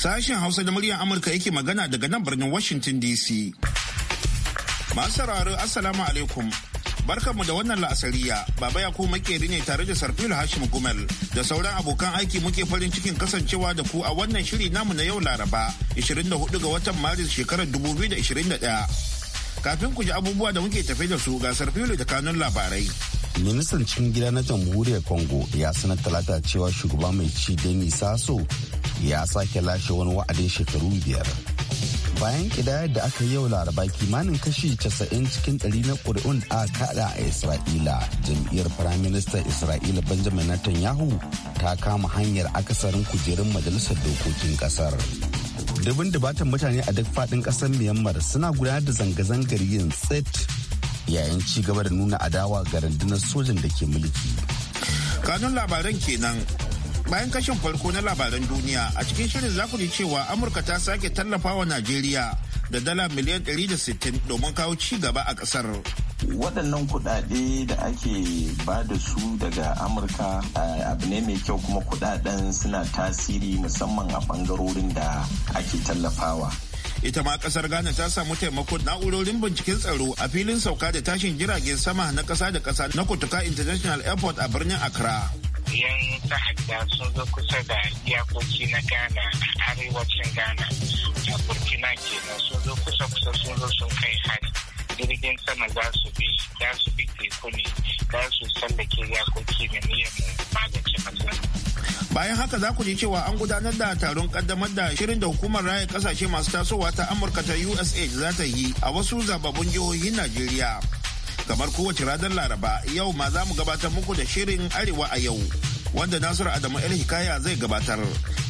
Sashen Hausa da muryar Amurka yake magana daga nan birnin Washington DC. Masu sauraro Assalamu alaikum. mu da wannan la'asariya, Baba Yakubu makeri ne tare da Sarfil Hashim Gumel da sauran abokan aiki muke farin cikin kasancewa da ku a wannan shiri namu na yau Laraba, 24 ga watan Maris shekarar 2021. Kafin ku ji abubuwa da muke tafe da su ga Sarfil da kanun labarai. Ministan cikin gida na jamhuriyar Congo ya sanar talata cewa shugaba mai ci Denis Sassou ya sake lashe wani wa'adin shekaru biyar bayan kidayar da aka yi yau laraba kimanin kashi 90 cikin 100 na ƙuri'un da aka kada a isra'ila jam'iyyar firaministan isra'ila benjamin netanyahu ta kama hanyar akasarin kujerun majalisar dokokin kasar dubin dubatan mutane a duk faɗin ƙasar myanmar suna gudanar da zanga-zangar yin tsit yayin ci gaba da nuna adawa ga rundunar sojan da ke mulki kanun labaran kenan Bayan kashin farko na labaran duniya a cikin shirin za ji cewa Amurka ta sake tallafawa Najeriya da dala miliyan 160 domin kawo ci gaba a kasar. waɗannan kuɗaɗe da ake ba da su daga amurka eh, abu ne mai kyau kuma kuɗaɗen suna tasiri musamman a ɓangarorin da ake tallafawa ita ma kasar ghana ta samu taimakon na'urorin binciken tsaro a filin sauka da tashin jiragen sama na ƙasa da kasa na kutuka international airport a birnin accra yan ta'adda sun zo kusa da iyakoki na ghana arewacin ghana a burkina kenan sun zo kusa kusa sun zo sun kai hari jirgin sama za su bi za su bi teku ne za su tsallake iyakoki na niyyar magance matsalar bayan haka za ku ji cewa an gudanar da taron kaddamar da shirin da hukumar raya kasashe masu tasowa ta amurka ta usa za ta yi a wasu zababbun jihohin najeriya kamar kowace ranar laraba yau ma za mu gabatar muku da shirin arewa a yau wanda nasiru adamu el hikaya zai gabatar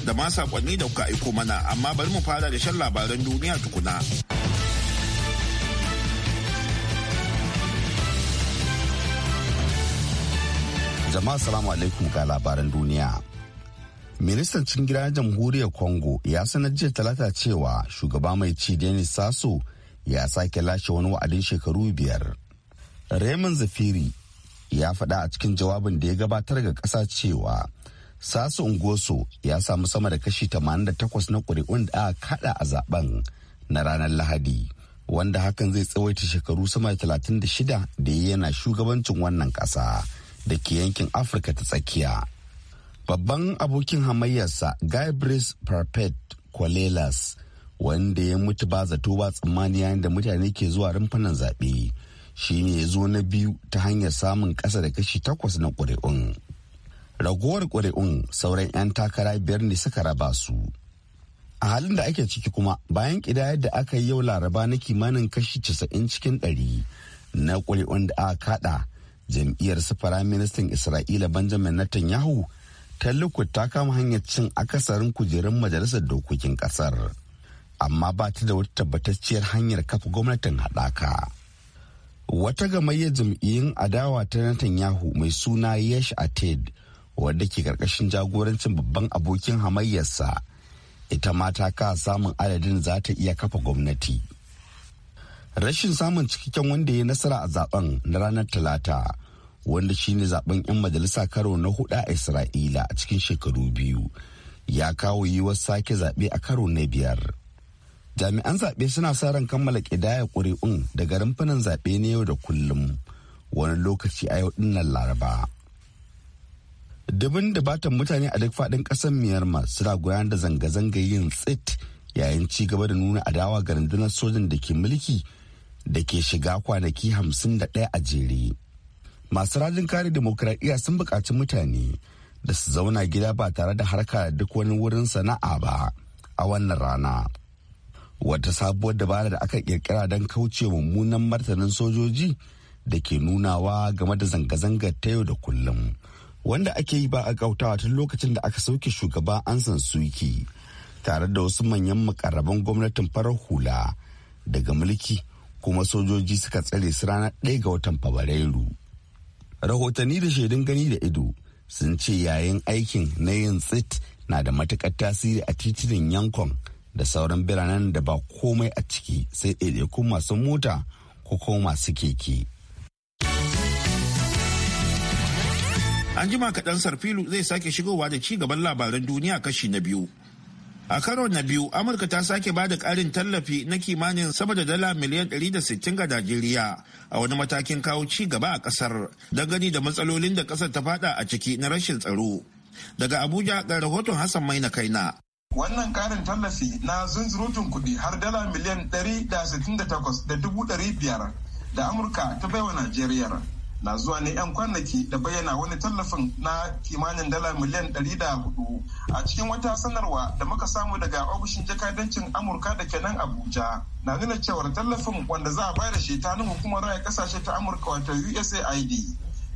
da ma sakonni da kuka aiko mana amma bari mu fara da shan labaran duniya tukuna jama'a salamu alaikum ga labaran duniya ministan cin gida jamhuriyar congo ya sanar jiya talata cewa shugaba mai ci denis sasso ya sake lashe wani wa'adin shekaru biyar Raymond Zafiri ya faɗa a cikin jawabin da ya gabatar ga ƙasa cewa Sasu Ungoso ya samu sama da kashi 88 na ƙuri'un da aka kaɗa a zaben na ranar Lahadi wanda hakan zai tsawaita shekaru sama da 36 da ya yana shugabancin wannan ƙasa da ke yankin Afirka ta tsakiya. Babban abokin hamayyarsa Guy Brice Parpet Kwalelas wanda ya mutu ba zato ba tsammani yayin da mutane ke zuwa rumfunan zaɓe. Shi ne ya zo na biyu ta hanyar samun ƙasa da kashi takwas na ƙuri'un. Ragowar ƙuri'un sauran 'yan takara biyar ne suka raba su. A halin da ake ciki kuma bayan ƙidayar da aka yi yau laraba na kimanin kashi casa'in cikin ɗari na ƙuri'un da aka kaɗa jam'iyyar sufara ministan Isra'ila Benjamin Netanyahu ta ta kama hanyar cin akasarin kujerun majalisar dokokin ƙasar. Amma ba ta da wata tabbatacciyar hanyar kafa gwamnatin haɗaka. wata gamayyar jam'iyyun adawa ta Netanyahu mai suna Yesh ated wadda ke karkashin jagorancin babban abokin hamayyarsa ita ma ta ka samun adadin za ta iya kafa gwamnati. Rashin samun cikakken wanda ya nasara a zaben na ranar Talata wanda shine zaben 'yan majalisa karo na hudu a Isra'ila a cikin shekaru biyu ya kawo yiwuwar sake zaɓe a karo na biyar. jami'an zaɓe suna sa ran kammala ƙidaya ƙuri'un daga rumfunan zaɓe na yau da kullum wani lokaci a yau dinnan laraba dubin dubatan mutane a duk faɗin ƙasar myanmar suna goyon da zanga-zanga yin tsit yayin ci gaba da nuna adawa ga rundunar sojin da ke mulki da ke shiga kwanaki hamsin da ɗaya a jere masu rajin kare demokradiyya sun buƙaci mutane da su zauna gida ba tare da harka da duk wani wurin sana'a ba a wannan rana wata sabuwar dabara da aka kirkira don kauce mummunan martanin sojoji da ke nunawa game da zanga-zangar ta yau da kullum wanda ake yi ba a kautawa tun lokacin da aka sauke shugaba an ansan suki tare da wasu manyan makarraban gwamnatin farar hula daga mulki kuma sojoji suka tsare su ranar ɗaya ga watan fabrairu rahotanni da shaidun gani da ido sun ce yayin aikin na yin tsit na da matuƙar tasiri a titunan yankon da sauran biranen da ba komai a ciki sai ɗaiɗaikun masu mota ko kuma masu keke. An jima kaɗan sarfilu zai sake shigowa da ci gaban labaran duniya kashi na biyu. A karo na biyu, Amurka ta sake ba da ƙarin tallafi na kimanin sama da dala miliyan 160 ga Najeriya a wani matakin kawo ci gaba a ƙasar gani da matsalolin da ƙasar ta fada a ciki na rashin tsaro. Daga Abuja ga rahoton Hassan Maina Kaina. Wannan karin tallafi na zunzurutun kuɗi har dala miliyan 168,500 da da Amurka ta baiwa Najeriya na zuwa ne 'yan kwanaki da bayyana wani tallafin na kimanin dala miliyan 104 a cikin wata sanarwa da muka samu daga ofishin jakadancin amurka da kenan abuja na nuna cewar tallafin wanda za a bayar shi ta hukumar raya kasashe ta amurka wato usaid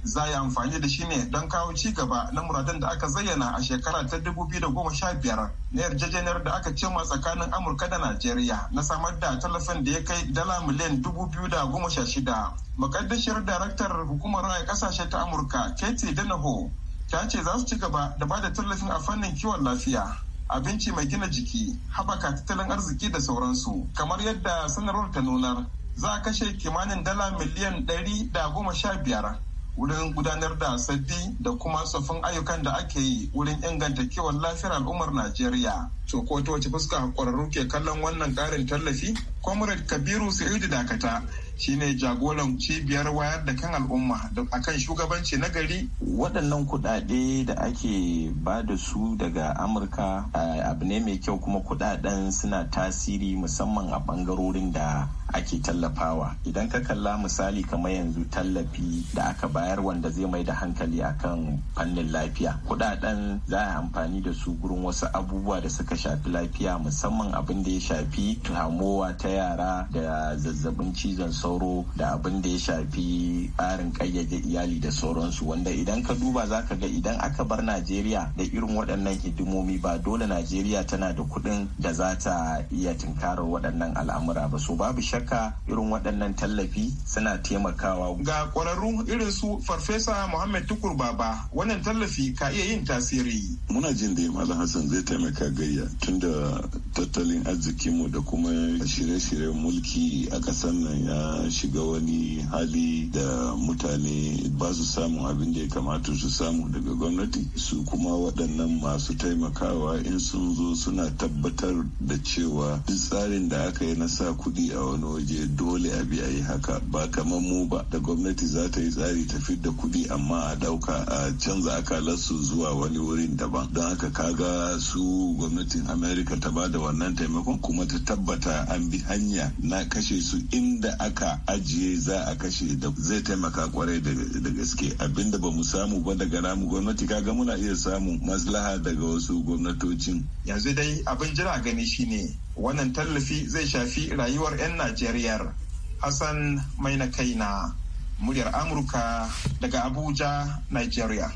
za a yi amfani da shi ne don kawo ci gaba na muradin da aka zayyana a shekara ta 2015 na yarjejeniyar da aka cimma tsakanin amurka da najeriya na samar da tallafin da ya kai dala miliyan 2016 makaddashiyar daraktar hukumar raya kasashe ta amurka katie danaho ta ce za su ci gaba da ba da tallafin a fannin kiwon lafiya abinci mai gina jiki haɓaka tattalin arziki da sauransu kamar yadda sanarwar ta nunar za a kashe kimanin dala miliyan 115 wurin gudanar da sabbi da kuma sabbin ayyukan da ake yi wurin inganta kiwon lafiyar al'ummar Najeriya. to ko ta wace fuska kwararru ke kallon wannan karin tallafi comrade kabiru sa'idu dakata shine jagoran cibiyar wayar da kan al'umma a kan shugabanci na gari waɗannan kuɗaɗe da ake ba da su daga amurka abu ne mai kyau kuma kuɗaɗen suna tasiri musamman a ɓangarorin da ake tallafawa idan ka kalla misali kamar yanzu tallafi da aka bayar wanda zai mai da hankali akan fannin lafiya kuɗaɗen za a amfani da su gurin wasu abubuwa da suka shafi lafiya musamman abin da ya shafi hamowa ta yara da zazzabin cizon sauro da abin da ya shafi tsarin kayyade iyali da sauransu wanda idan ka duba za ka ga idan aka bar najeriya da irin waɗannan hidimomi ba dole najeriya tana da kuɗin da za ta iya tunkarar waɗannan al'amura ba so babu shakka irin waɗannan tallafi suna taimakawa ga ƙwararru irin su farfesa muhammad tukur baba wannan tallafi ka iya yin tasiri muna jin da malam hassan zai taimaka gayya tunda tattalin arzikinmu da kuma shirye-shiryen mulki a ƙasar nan ya shiga wani hali da mutane ba su samun abin da ya kamata su samu daga gwamnati su kuma waɗannan masu taimakawa in sun zo suna tabbatar da cewa duk tsarin da aka yi na sa kuɗi a wani waje dole a bi a yi haka ba kamar mu ba da gwamnati za ta yi tsari ta fi da kuɗi amma a ɗauka a canza akalarsu zuwa wani wurin daban don haka kaga su gwamnati gwamnatin america ta bada wannan taimakon kuma ta tabbata an bi hanya na kashe su inda aka ajiye za a kashe da zai taimaka kwarai da gaske abinda ba mu samu ba daga namu gwamnati kaga muna iya samun maslaha daga wasu gwamnatocin yanzu dai abin jira gani shine wannan tallafi zai shafi rayuwar 'yan najeriya hassan mai na kai na muryar amurka daga abuja nigeria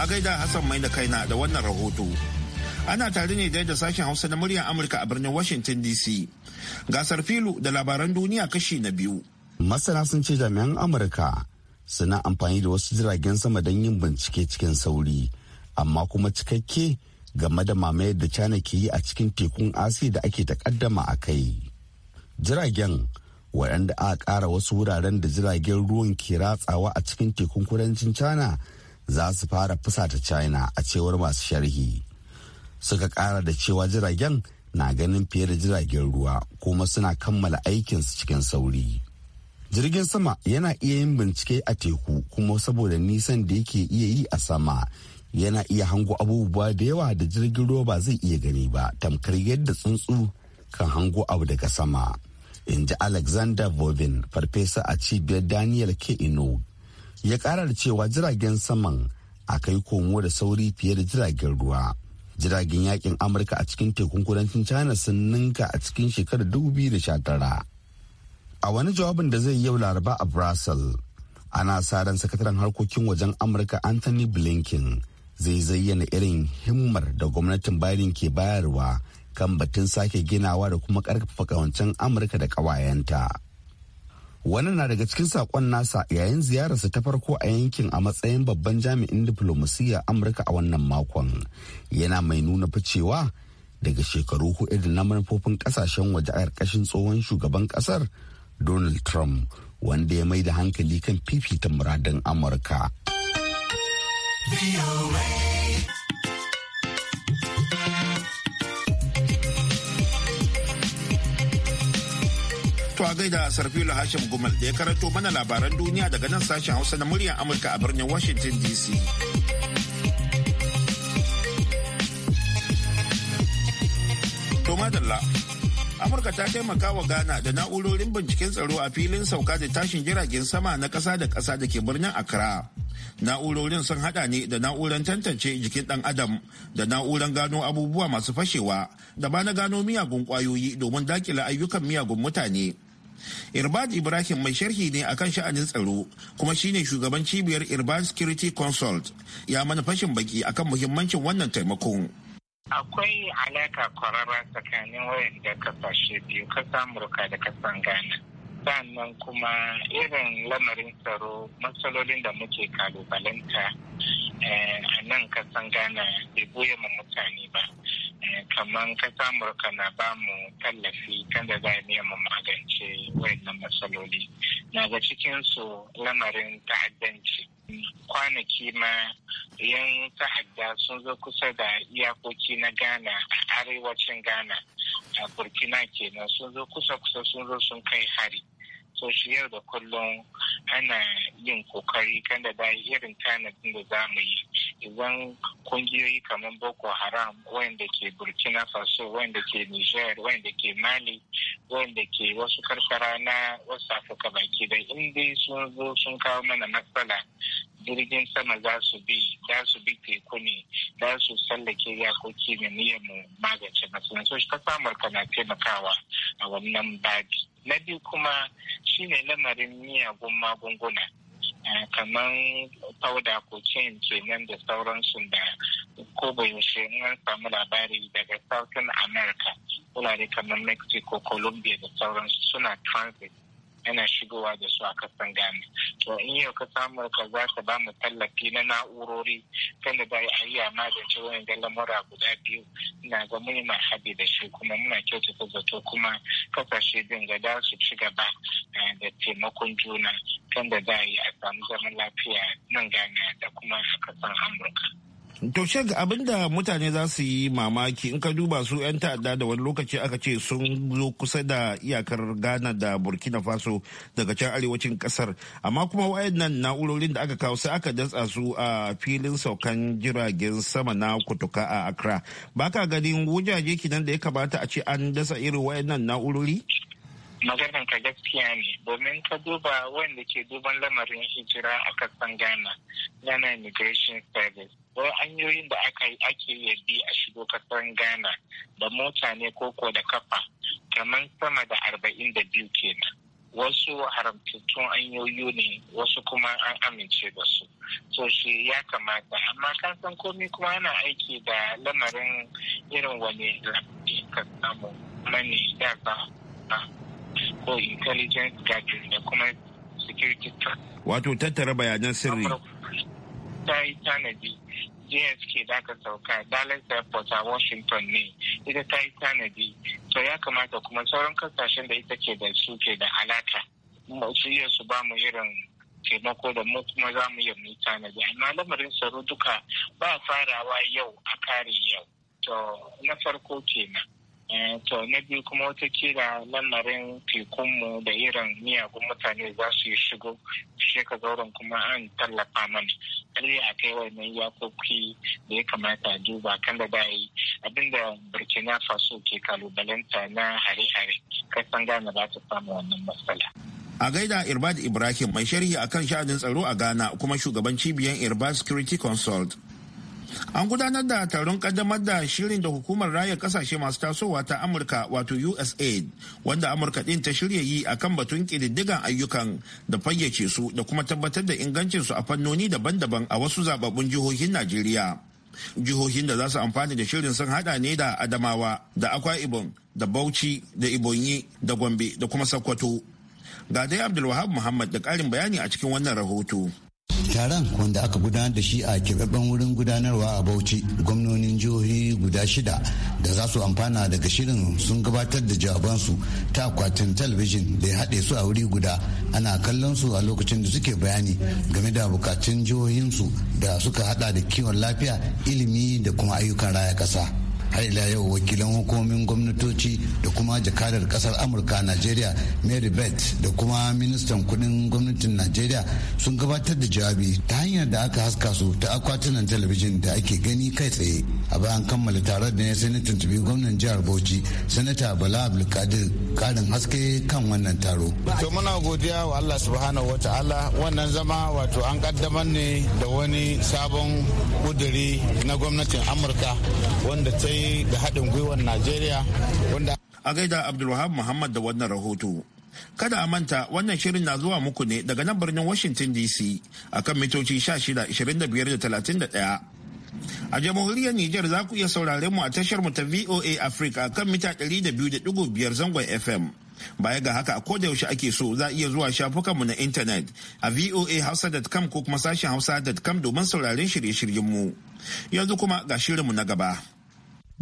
A gaida Hassan mai da kaina da wannan rahoto. Ana tare ne da sashen Hausa na muryar Amurka a birnin Washington DC. Gasar filu da labaran duniya kashi na biyu. Masana sun ce jami'an Amurka suna amfani da wasu jiragen sama don yin bincike cikin sauri, amma kuma cikakke game da mamayar da China ke yi a cikin tekun asi da ake takaddama a kai. Jiragen waɗanda aka ƙara wasu wuraren da jiragen ruwan ke ratsawa a cikin tekun kudancin China za su fara fusata china a cewar masu sharhi suka kara da cewa jiragen na ganin fiye da jiragen ruwa kuma suna kammala aikinsu cikin sauri jirgin sama yana iya yin bincike a teku kuma saboda nisan da yake iya yi a sama yana iya hango abubuwa da yawa da jirgin ruwa ba zai iya gani ba tamkar yadda tsuntsu kan hango abu daga sama in ji alexander bovin farfesa a cibiyar daniel ke inog ya kara da cewa jiragen saman a kai komo da sauri fiye da jiragen ruwa jiragen yakin amurka a cikin tekun kudancin china sun ninka a cikin shekarar 2019 a wani jawabin da zai yau laraba a brussels ana sa ran sakataren harkokin wajen amurka anthony blinken zai zayyana irin himmar da gwamnatin biden ke bayarwa kan batun sake ginawa da kuma karfafa kawancen amurka da kawayenta. Wannan na daga cikin saƙon nasa yayin ziyararsa ta farko a yankin a matsayin babban jami'in diflomasiyya Amurka a wannan makon. Yana mai nuna ficewa daga shekaru hudu da na manufofin kasashen waje a ƙarƙashin tsohon shugaban ƙasar Donald Trump wanda ya mai da hankali kan fifita muradin Amurka. To a gaida Sarfilo Hashim Gumal da ya karanto mana labaran duniya daga nan sashen Hausa na muryar Amurka a birnin Washington DC. To madalla. Amurka ta taimaka wa Ghana da na'urorin binciken tsaro a filin sauka da tashin jiragen sama na ƙasa da ƙasa da ke birnin Accra. Na'urorin sun hada ne da na'urar tantance jikin dan adam da na'urar gano abubuwa masu fashewa da ba na gano miyagun kwayoyi domin dakila ayyukan miyagun mutane. Irbad Ibrahim mai sharhi ne akan sha'anin tsaro kuma shine shugaban cibiyar Irbad Security Consult ya mana fashin baki akan muhimmancin wannan taimakon. Akwai alaka kwararra tsakanin wayan da kasashe biyu kasa Amurka da kasan Ghana. Sannan kuma irin lamarin tsaro matsalolin da muke kalubalanta eh, a nan kasan Ghana bai ma mutane ba. Eh, kamar kasa Amurka na ba mu tallafi kan da za mu magana. daga cikinsu lamarin ta'addanci kwanaki ma yan ta'adda sun zo kusa da iyakoki na ghana a arewacin ghana a burkina kenan sun zo kusa-kusa sun zo sun kai hari so shi yau da kullum ana yin kokari kan da irin tanadin da za mu yi idan kungiyoyi kamar boko haram wayanda ke burkina faso wayanda ke niger wayanda ke mali wayanda ke wasu karkara na wasu afirka baki da inda sun zo sun kawo mana matsala jirgin sama za su bi za su bi teku ne za su tsallake yakoki da niyyar mu magance matsalan so kasa amurka na taimakawa a wannan babi na biyu kuma shine lamarin miyagun magunguna kamar fauda ko cin kenan da sauransu da ko yaushe in an samu labari daga southern america wurare kamar mexico colombia da sauransu suna transit yana shigowa da su a kasan gani To in yau ka samu ka za ka ba mu tallafi na na'urori kan da a yi a magance wani da lamura guda biyu ina ga mun mai haɗi da shi kuma muna ta zato kuma kasashe din ga da su ci gaba eh, da taimakon juna kan da za a yi a samu zaman lafiya nan gana da kuma a kasan Amurka. To shek abinda mutane za su yi mamaki in ka duba su 'yan ta'adda da wani lokaci aka ce sun zo kusa da iyakar Ghana da Burkina Faso daga can arewacin kasar. Amma kuma wayannan na'urorin da aka kawo sai aka datsa su a filin saukan jiragen sama na kutuka a Accra. Ba ka ganin wujaje kinan da ya kamata a ce an dasa irin wayannan na'urori? maganin ka gaskiya ne domin ka duba wanda ke duban lamarin hijira a kasan Ghana, Ghana Immigration Service. akwai hanyoyin da aka ake yabi a shigo kasar ghana da mota ne koko da kafa kamar sama da arba'in da biyu kenan wasu haramtattun hanyoyi ne wasu kuma an amince da su so shi ya kamata amma kan san komi kuma ana aiki da lamarin irin wani lafi ka samu mani da ko intelligence gathering da kuma security wato tattara bayanan sirri ta yi tanadi ke da ka sauka Dallas Airport a Washington ne ita ta yi tanadi to ya kamata kuma sauran kasashen da ita ke da su ke da alaka su iya su ba mu irin taimako da mu kuma za mu yi mu tanadi amma lamarin tsaro duka ba farawa yau a kare yau to na farko kenan eh, to na biyu kuma wata kira lamarin tekunmu da irin miyagun mutane za su yi shigo shi ka zauren kuma an tallafa mana karya kai ya yakoki da ya kamata duba kan da da yi abinda burkina faso ke kalubalanta na hare-hare san gane ba ta samu wannan matsala a gaida irbad ibrahim mai sharhi akan sha'anin tsaro a ghana kuma shugaban cibiyar irbad security consult An gudanar da taron kaddamar da shirin da hukumar raya kasashe masu tasowa ta Amurka wato USAID wanda Amurka din ta shirya yi a kan batun ƙididdigan ayyukan da fayyace su da kuma tabbatar da ingancinsu a fannoni daban-daban a wasu zababbun jihohin Najeriya. Jihohin da za su amfani da shirin sun hada ne da Adamawa da Akwa Ibom da Bauchi da Ibonyi da Gombe da kuma Sokoto. Ga dai Abdulwahab Muhammad da karin bayani a cikin wannan rahoto. taron wanda aka gudanar da shi a keɓaɓɓen wurin gudanarwa a bauchi gwamnonin jihohi guda shida da za su amfana daga shirin sun gabatar da jawabansu ta akwatin talabijin da ya haɗe su a wuri guda ana kallon su a lokacin da suke bayani game da bukatun jihohinsu da suka hada da kiwon lafiya ilimi da kuma ayyukan raya ƙasa har ila yau wakilan hukumomin gwamnatoci da kuma jakadar kasar amurka a najeriya mary beth da kuma ministan kudin gwamnatin najeriya sun gabatar da jawabi ta hanyar da aka haska su ta akwatunan talabijin da ake gani kai tsaye a bayan kammala taron da ya sani tuntubi gwamnan jihar bauchi sanata bala abdulkadir karin haske kan wannan taro to muna godiya wa allah subhanahu wa ta'ala wannan zama wato an kaddamar ne da wani sabon kuduri na gwamnatin amurka wanda ta yi da haɗin gwiwar najeriya wanda a gaida abdulwahab muhammad da wannan rahoto kada a manta wannan shirin na zuwa muku ne daga nan birnin washington dc akan mitoci 16 25 31 a jamhuriyar Nijar za ku iya sauraren mu a tashar mu ta voa africa kan mita 200.5 zangon fm baya ga haka a koda yaushe ake so za iya zuwa shafukanmu na intanet a voahausa.com ko kuma sashen hausa.com domin sauraren shirye-shiryenmu yanzu kuma ga shirinmu na gaba.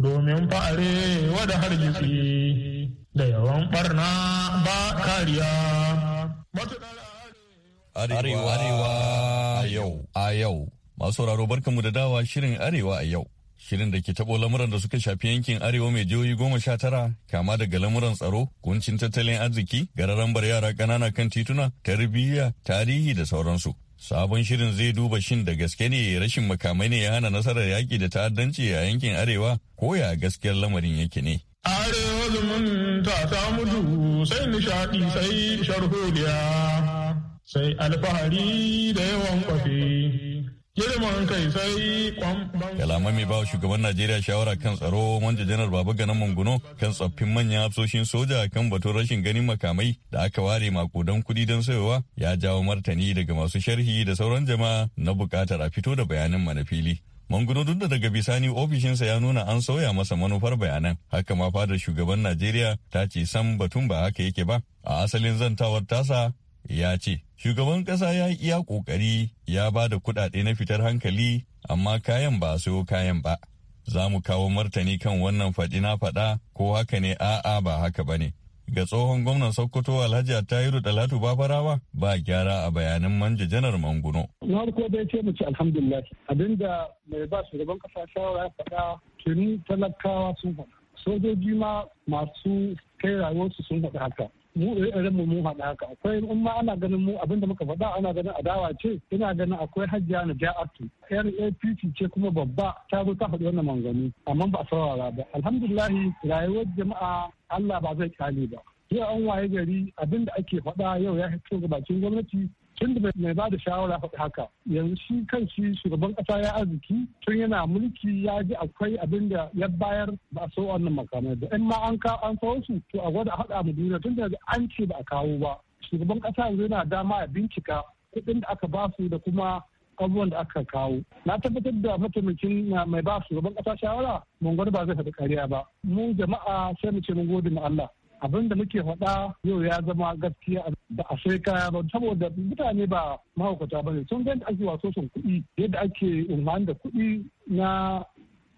domin fa'are wada hargitsi da yawan barna ba kariya. Arewa a yau, a yau. Masu raro barkanmu da dawa shirin Arewa a yau. Shirin da ke taɓo lamuran da suka shafi yankin Arewa mai jihohi goma sha tara, kama daga lamuran tsaro, kuncin tattalin arziki, gararambar yara ƙanana kan tituna, tarbiyya, tarihi da sauransu. Sabon shirin zai duba shin da gaske ne rashin makamai ne ya hana nasarar yaƙi da ta'addanci a yankin Arewa ko ya gaskiyar lamarin yake ne. Arewa zumunta ta mutu sai nishaɗi sai sharholiya sai alfahari da yawan kwafi. Kalamai mai bawa shugaban Najeriya shawara kan tsaro wanda janar Baba Ganan Manguno kan tsoffin manyan hafsoshin soja kan batun rashin ganin makamai da aka ware makudan kuɗi don sayowa ya jawo martani daga masu sharhi da sauran jama'a na bukatar a fito da bayanin mana fili. Manguno duk da daga bisani ofishinsa ya nuna an sauya masa manufar bayanan. Haka ma fadar shugaban Najeriya ta ce san batun ba haka yake ba. A asalin zantawar tasa ya ce Shugaban ƙasa ya yi iya ƙoƙari ya ba da kuɗaɗe na fitar hankali amma kayan ba a sayo kayan ba. Za mu kawo martani kan wannan faɗi na faɗa ko haka ne a'a ba haka ba ne. Ga tsohon gwamnan Sokoto Alhaji Attahiru Dalatu Babarawa ba gyara a bayanin manja janar Manguno. Na farko ce mu ci alhamdulillah abinda mai ba shugaban ƙasa shawara ya faɗa tuni talakawa sun faɗa. Sojoji ma masu kai rayuwarsu sun faɗa haka. mu irin eh, eh, mu mun haɗa haka akwai in ma ana ganin mu abinda muka faɗa ana ganin adawa ce ina ganin akwai hajjiya na ja'atu yar APC ce kuma babba ta zo ta faɗi wannan mangani amma ba a saurara ba alhamdulillah rayuwar jama'a Allah ba zai kyale ba yau an waye gari abinda ake faɗa yau ya fito ga bakin gwamnati tun da mai ba da shawara haka yanzu shi kan shi shugaban ƙasa ya arziki tun yana mulki ya ji akwai abin da ya bayar ba a so wannan makamai da in ma an an kawo su to a gwada haɗa mu duniya tun da an ce ba a kawo ba shugaban ƙasa yanzu yana dama a bincika kuɗin da aka ba su da kuma abubuwan da aka kawo na tabbatar da mataimakin mai ba shugaban kasa shawara mun gwada ba zai faɗi kariya ba mu jama'a sai mu ce mun gode ma Allah abin da muke faɗa yau ya zama gaskiya da a ba saboda mutane ba mahaukata ba ne sun ganta ake waso sun kuɗi yadda ake umarni da kuɗi na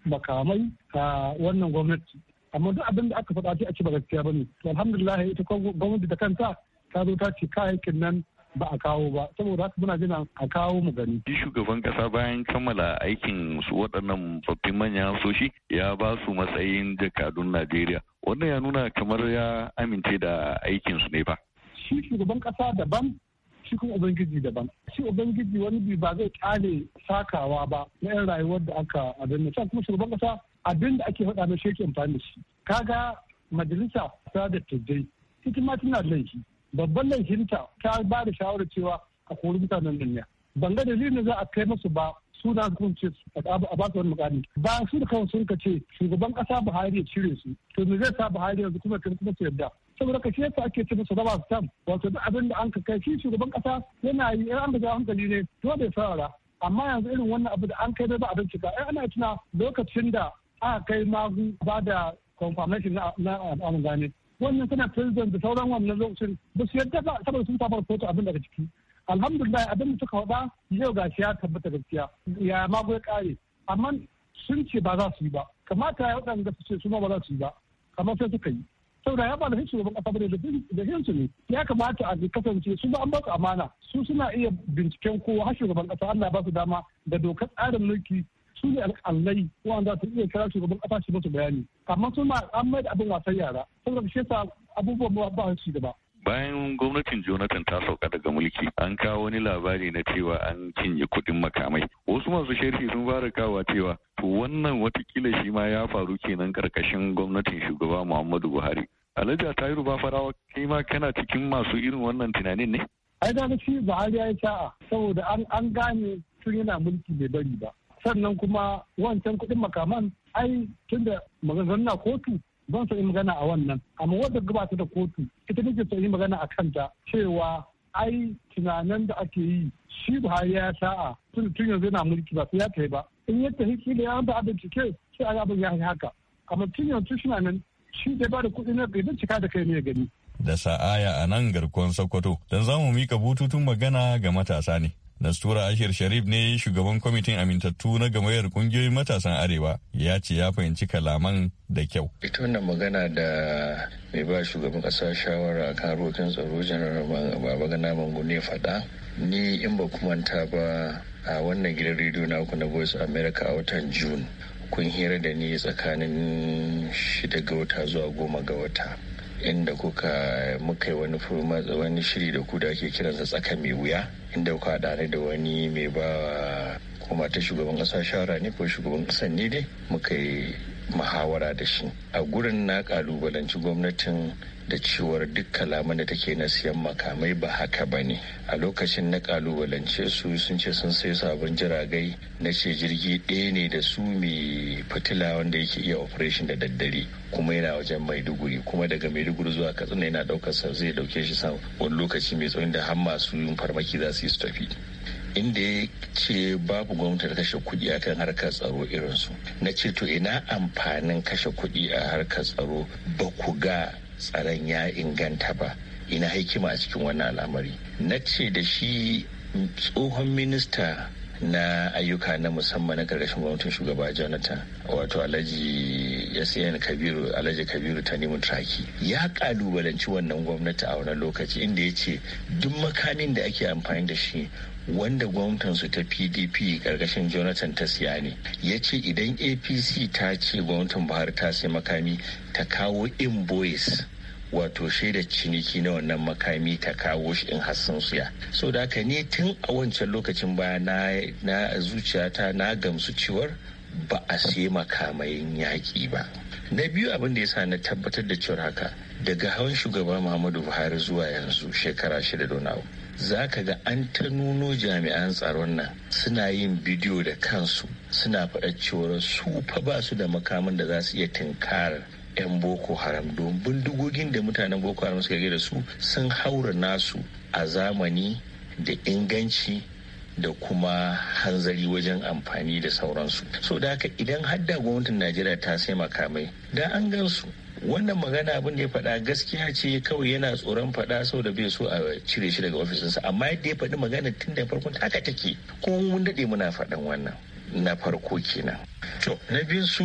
makamai a wannan gwamnati amma duk abin da aka faɗa ce a ba gaskiya ba ne alhamdulillah ita gwamnati da kanta ta zo ta ce kayayyakin nan ba a kawo ba saboda haka muna jina a kawo mu gani. Shi shugaban kasa bayan kammala aikin su waɗannan babbin manyan soshi ya ba su matsayin jakadun Najeriya. wannan ya nuna kamar ya amince da aikinsu ne ba shi shugaban kasa daban shi kuma ubangiji daban shi ubangiji wani bi ba zai kare sakawa ba na yan rayuwar da aka adanna can kuma shugaban kasa abin da ake faɗa na shi yake amfani shi kaga majalisa ta da tuddai cikin ma tana laifi babban laifinta ta ba da shawarar cewa a kori mutanen duniya ban ga dalilin za a kai musu ba su na su kunce su a basu wani mukami Ba su da kawai sun ka ce shugaban kasa Buhari ya cire su to me zai sa Buhari yanzu kuma kuma su yarda saboda ka shi yasa ake cewa su raba su tam wato duk abin da an ka kai shi shugaban kasa yana yi an da hankali ne dole ya saurara amma yanzu irin wannan abu da an kai ba a bincika ai ana tuna lokacin da aka kai magu ba da confirmation na al'amun gane wannan suna president da sauran wannan lokacin ba su yadda ba saboda sun tabar kotu abin daga ciki alhamdulillah abin da suka faɗa yau shi ya tabbata gaskiya ya ma ya kare amma sun ce ba za su yi ba kamata ya waɗanda su ce su ba za su yi ba kamar sai suka yi saboda ya ba da shugaban kasa bane da hinsu ne ya kamata a kasance su ba an ba su amana su suna iya binciken kowa har shugaban kasa Allah ba su dama da dokar tsarin mulki su ne alƙalai wanda su iya kira shugaban kasa shi musu bayani amma suna an mai da abin wasan yara saboda shi yasa abubuwan ba su da ba bayan gwamnatin jonathan ta sauka daga mulki an kawo wani labari na cewa an cinye kuɗin makamai wasu masu sharhi sun fara kawa cewa to wannan watakila shi ma ya faru kenan karkashin gwamnatin shugaba muhammadu buhari alhaji ta yi ruba farawa kai ma kana cikin masu irin wannan tunanin ne ai da shi buhari ya yi sa'a saboda an gane tun yana mulki bai bari ba sannan kuma wancan kuɗin makaman ai tunda maganganun na kotu Zan so yi magana a wannan amma wadda gabata da kotu ita nake sa yi magana a kanta cewa ai tunanin da ake yi shi Buhari ya sa'a tun tun yanzu yana mulki ba sai ya kai ba in ya tafi kila ya ba abin cike sai a abin ya yi haka amma tun yanzu shi nan shi da ba da kuɗi na bai cika da kai ne gani. Da sa'aya a nan garkuwan Sokoto don za mu mika bututun magana ga matasa ne. Nastura Ashir Sharif ne shugaban kwamitin amintattu na gamayyar kungiyoyin matasan Arewa ya ce ya fahimci kalaman da kyau. Ita wannan magana da mai ba shugaban ƙasa shawara a kan rokin tsaro janar Babagana Mangu ne faɗa. Ni in ba kumanta ba a wannan gidan rediyo naku na Voice America a watan June kun hira da ni tsakanin shida ga wata zuwa goma ga wata. inda kuka muka yi wani wani shiri da ku da ake kiransa tsaka mai wuya inda kuka haɗa da wani mai ba kuma ta shugaban kasa shara ne ko shugaban kasan ne dai muka yi muhawara da shi a gurin na kalubalanci gwamnatin da cewar duk kalaman da take na siyan makamai ba haka ba ne a lokacin na kalubalance su sun ce sun sai sabon jiragai na ce jirgi ɗaya ne da su mai fitila wanda yake iya operation da daddare kuma yana wajen maiduguri kuma daga maiduguri zuwa katsina yana daukar sa zai ɗauke shi sam wani lokaci mai tsawon da har masu yin farmaki za su yi su tafi inda ya ce babu gwamnati da kashe kuɗi kan harkar tsaro irinsu na ce to ina amfanin kashe kuɗi a harkar tsaro ba ku ga tsaron ya inganta ba ina hikima a cikin wannan al'amari na ce da shi tsohon minista na ayyuka na musamman na karkashin gwamnatin shugaba jonathan wato alhaji yasayan kabiru alhaji kabiru ta nemi traki ya kalubalanci wannan gwamnati a wani lokaci inda ya ce duk makamin da ake amfani da shi wanda su ta pdp karkashin jonathan ta siya ne ya ce idan apc ta ce gwamnatin buhari ta sai makami ta kawo invoice wato shaidar ciniki na wannan makami ta kawo shi in hassan suya so da haka ne tun a wancan lokacin baya na na zuciyata na gamsu cewar ba a sai makamayin yaƙi ba na biyu abin da ya sa na tabbatar da cewar haka daga hawan shugaba muhammadu buhari zuwa yanzu shekara shida da wani za ka ga an ta nuno jami'an tsaron nan suna yin bidiyo da kansu suna faɗa cewar su fa ba su da makamin da za su iya tunkarar 'yan boko haram don bindigogin da mutanen boko haram suka da su sun haura nasu a zamani da inganci da kuma hanzari wajen amfani da sauransu so da haka idan hadda gwamnatin najeriya ta sai makamai da an gansu wannan magana abin da ya faɗa gaskiya ce kawai yana tsoron faɗa saboda bai so a cire shi daga ofisinsa amma yadda ya faɗi magana tun da farkon haka take ko mun daɗe muna faɗan wannan na farko kenan to na biyun su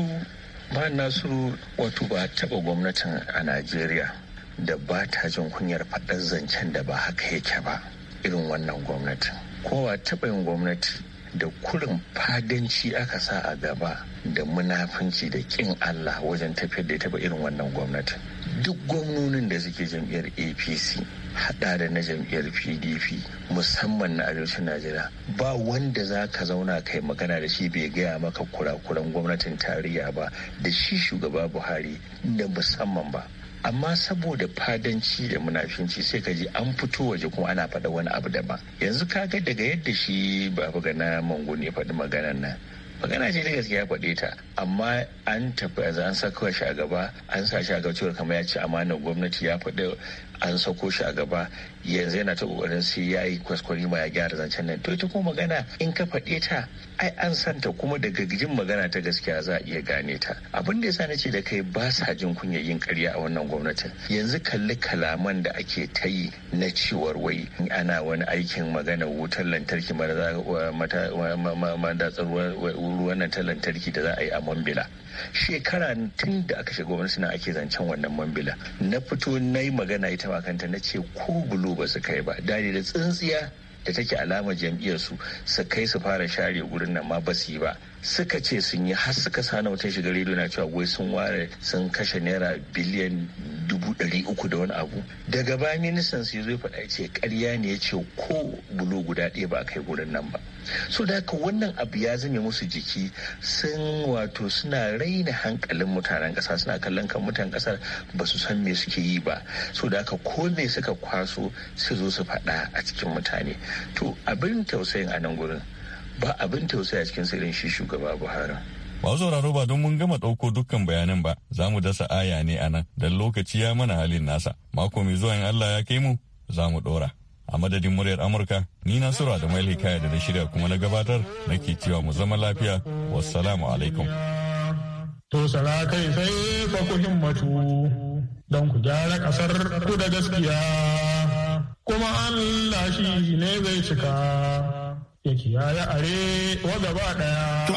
ba nasu wato ba taɓa gwamnatin a najeriya da ba ta jin kunyar faɗar zancen da ba haka yake ba irin wannan gwamnatin kowa taɓa yin gwamnati da kurin fadanci aka sa a gaba da munafunci da kin Allah wajen tafiyar da ita ba irin wannan gwamnati duk gwamnonin da suke jam'iyyar apc hada da na jam'iyyar pdp musamman na arewacin najeriya ba wanda za ka zauna kai magana da shi bai gaya maka kurakuran gwamnatin tarayya ba da shi shugaba buhari da musamman ba amma saboda fadanci da munafinci sai ka ji an fito waje kuma ana faɗa wani abu daban yanzu ka ga daga yadda shi babu gana mangon ne faɗi maganan nan magana ce ta gaskiya faɗe ta amma an tafi yanzu an saka shi a gaba an sa shi a gaba cewar kamar ya ci amanar gwamnati ya faɗi an sako shi a gaba yanzu yana ta kokarin sai ya yi kwaskwari ma ya gyara zancen nan to ita kuma magana in ka faɗe ta ai an santa kuma daga gijin magana ta gaskiya za a iya gane ta abin da yasa na ce da kai ba sa jin kunya yin ƙarya a wannan gwamnatin yanzu kalli kalaman da ake ta yi na cewar wai ana wani aikin magana wutar lantarki tsaro ruwan ta lantarki da za a yi a mambila shekara tun da aka shiga wani suna ake zancen wannan mambila na fito na yi magana ita ma kanta na ce ko bulo ba su kai ba dani da tsintsiya da take alamar jam'iyyar su su kai su fara share gurin nan ma ba su yi ba suka ce sun yi har suka sani wata shiga rediyo na cewa wai sun ware sun kashe naira biliyan dubu ɗari uku da wani abu daga baya ministan su zai faɗa ce karya ne ya ce ko bulo guda ɗaya ba kai gurin nan ba so da haka wannan abu ya zame musu jiki sun wato suna raina hankalin mutanen ƙasa suna kallon kan mutanen ƙasar ba su san me suke yi ba so da haka ko me suka kwaso su zo su faɗa a cikin mutane to abin tausayin a nan gurin ba abin tausayi a cikin sirrin shi shugaba buhari Ba sauraro ba don mun gama ɗauko dukkan bayanan ba, za mu dasa aya ne a nan, don lokaci ya mana halin nasa. Mako mai zuwa in Allah ya kai mu, za mu ɗora. A madadin muryar Amurka, ni na sura da mai hikaya da na shirya kuma na gabatar, na nake cewa mu zama lafiya, wassalamu alaikum. To sala kai sai fa ku himmatu, don ku gyara ƙasar ku da gaskiya, kuma Allah shi ne zai cika. To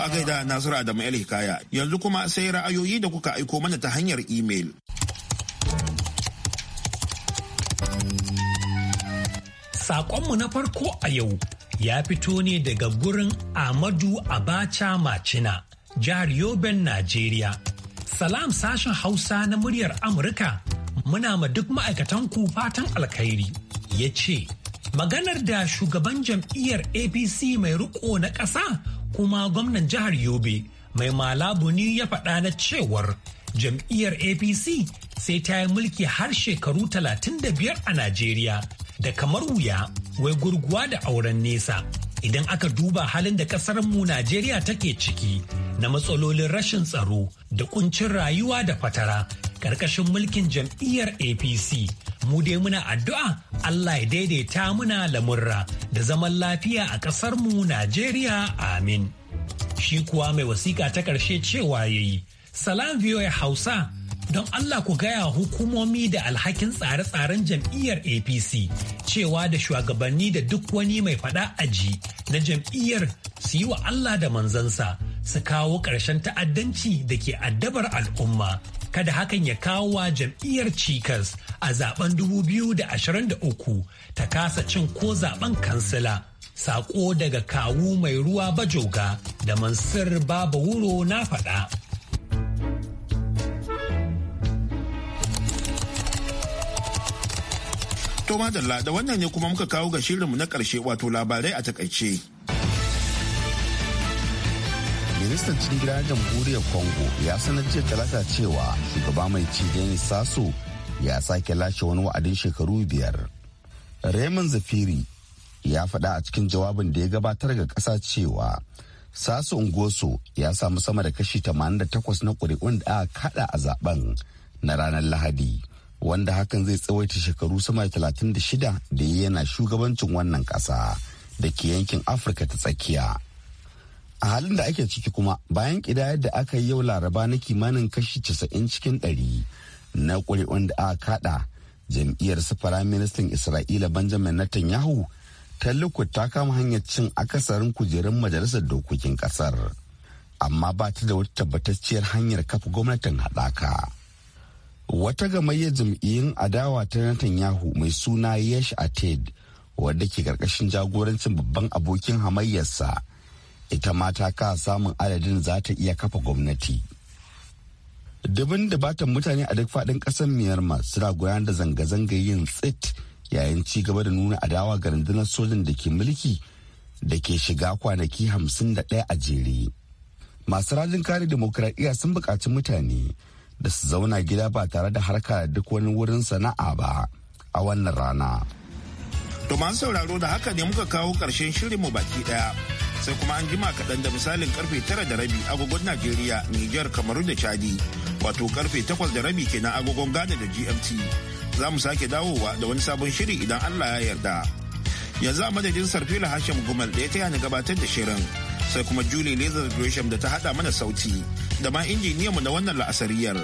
a gaida Nasiru Adamu El Hikaya yanzu kuma sai ra'ayoyi da kuka aiko mana ta hanyar imel. Saƙonmu na farko a yau ya fito ne daga gurin Amadu Abacha Macina, jihar Yoben, Najeriya. Salam sashen Hausa na muryar Amurka muna ma duk ma'aikatan ku fatan alkhairi ya ce Maganar da shugaban jam'iyyar APC mai riko na ƙasa kuma gwamnan jihar Yobe mai malabuni ya faɗa na cewar jam'iyyar APC sai ta yi mulki har shekaru 35 a Najeriya da kamar wuya wai gurguwa da auren nesa. Idan aka duba halin da mu Najeriya take ciki na matsalolin rashin tsaro da kuncin rayuwa da fatara ƙarƙashin mulkin jam'iyyar apc mu dai muna addu'a allah ya daidaita muna lamurra da zaman lafiya a ƙasarmu najeriya amin shi kuwa mai wasiƙa ta ƙarshe cewa ya yi salam voa hausa don allah ku gaya hukumomi da alhakin tsare-tsaren jam'iyyar apc cewa da shugabanni da duk wani mai faɗa aji na jam'iyyar su yi wa allah da manzansa su kawo ƙarshen ta'addanci da ke addabar al'umma kada hakan ya kawo wa jam'iyyar cikas a zaben 2023 ta kasa cin ko zaben kansila sako daga kawu mai ruwa bajoga da mansur baba wuro na faɗa. To madalla da wannan ne kuma muka kawo ga shirinmu na ƙarshe wato labarai a takaice. ministan cikin gida jamhuriyar congo ya sanar jiya talata cewa shugaba mai ci denis ya sake lashe wani wa'adin shekaru biyar raymond zafiri ya faɗa a cikin jawabin da ya gabatar ga ƙasa cewa sasu ungoso ya samu sama da kashi 88 na ƙuri'un da aka kaɗa a zaben na ranar lahadi wanda hakan zai tsawaita shekaru sama da 36 da yana shugabancin wannan ƙasa da ke yankin afirka ta tsakiya a halin da ake ciki kuma bayan kidayar da aka yi yau laraba na kimanin kashi casa'in cikin 100 na ƙuri'un da aka kada jam'iyyar su ministan isra'ila benjamin netanyahu ta ta kama hanyar cin akasarin kujerun majalisar dokokin kasar amma ba ta da wata tabbatacciyar hanyar kafa gwamnatin haɗaka wata gamayyar jam'iyyun adawa ta netanyahu mai suna yesh ated wadda ke karkashin jagorancin babban abokin hamayyarsa ita mata ka samun adadin za ta iya kafa gwamnati dubin batan mutane a duk faɗin ƙasar myanmar suna goyon da zanga-zanga yin tsit yayin ci gaba da nuna adawa ga rundunar sojin da ke mulki da ke shiga kwanaki hamsin da ɗaya a jere masu rajin kare demokradiyya sun buƙaci mutane da su zauna gida ba tare da harka da duk wani wurin sana'a ba a wannan rana. To masu sauraro da haka ne muka kawo ƙarshen mu baki ɗaya. sai kuma an jima kaɗan da misalin karfe tara da rabi agogon Najeriya, niger Kamaru da Chadi, wato karfe takwas da rabi kenan agogon Ghana da GMT. Za mu sake dawowa da wani sabon shiri idan Allah ya yarda. Yanzu a madadin Sarfila Hashim Gumal da ya taya ni gabatar da shirin. Sai kuma Julie Lazar Gresham da ta haɗa mana sauti da ma mu na wannan la'asariyar.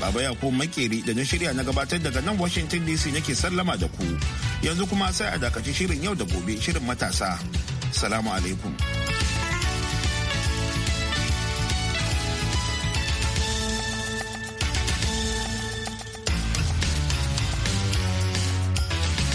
Baba ya Yakubu Makeri da na shirya na gabatar daga nan Washington DC nake sallama da ku. Yanzu kuma sai a dakaci shirin yau da gobe shirin matasa. Salamu alaikum.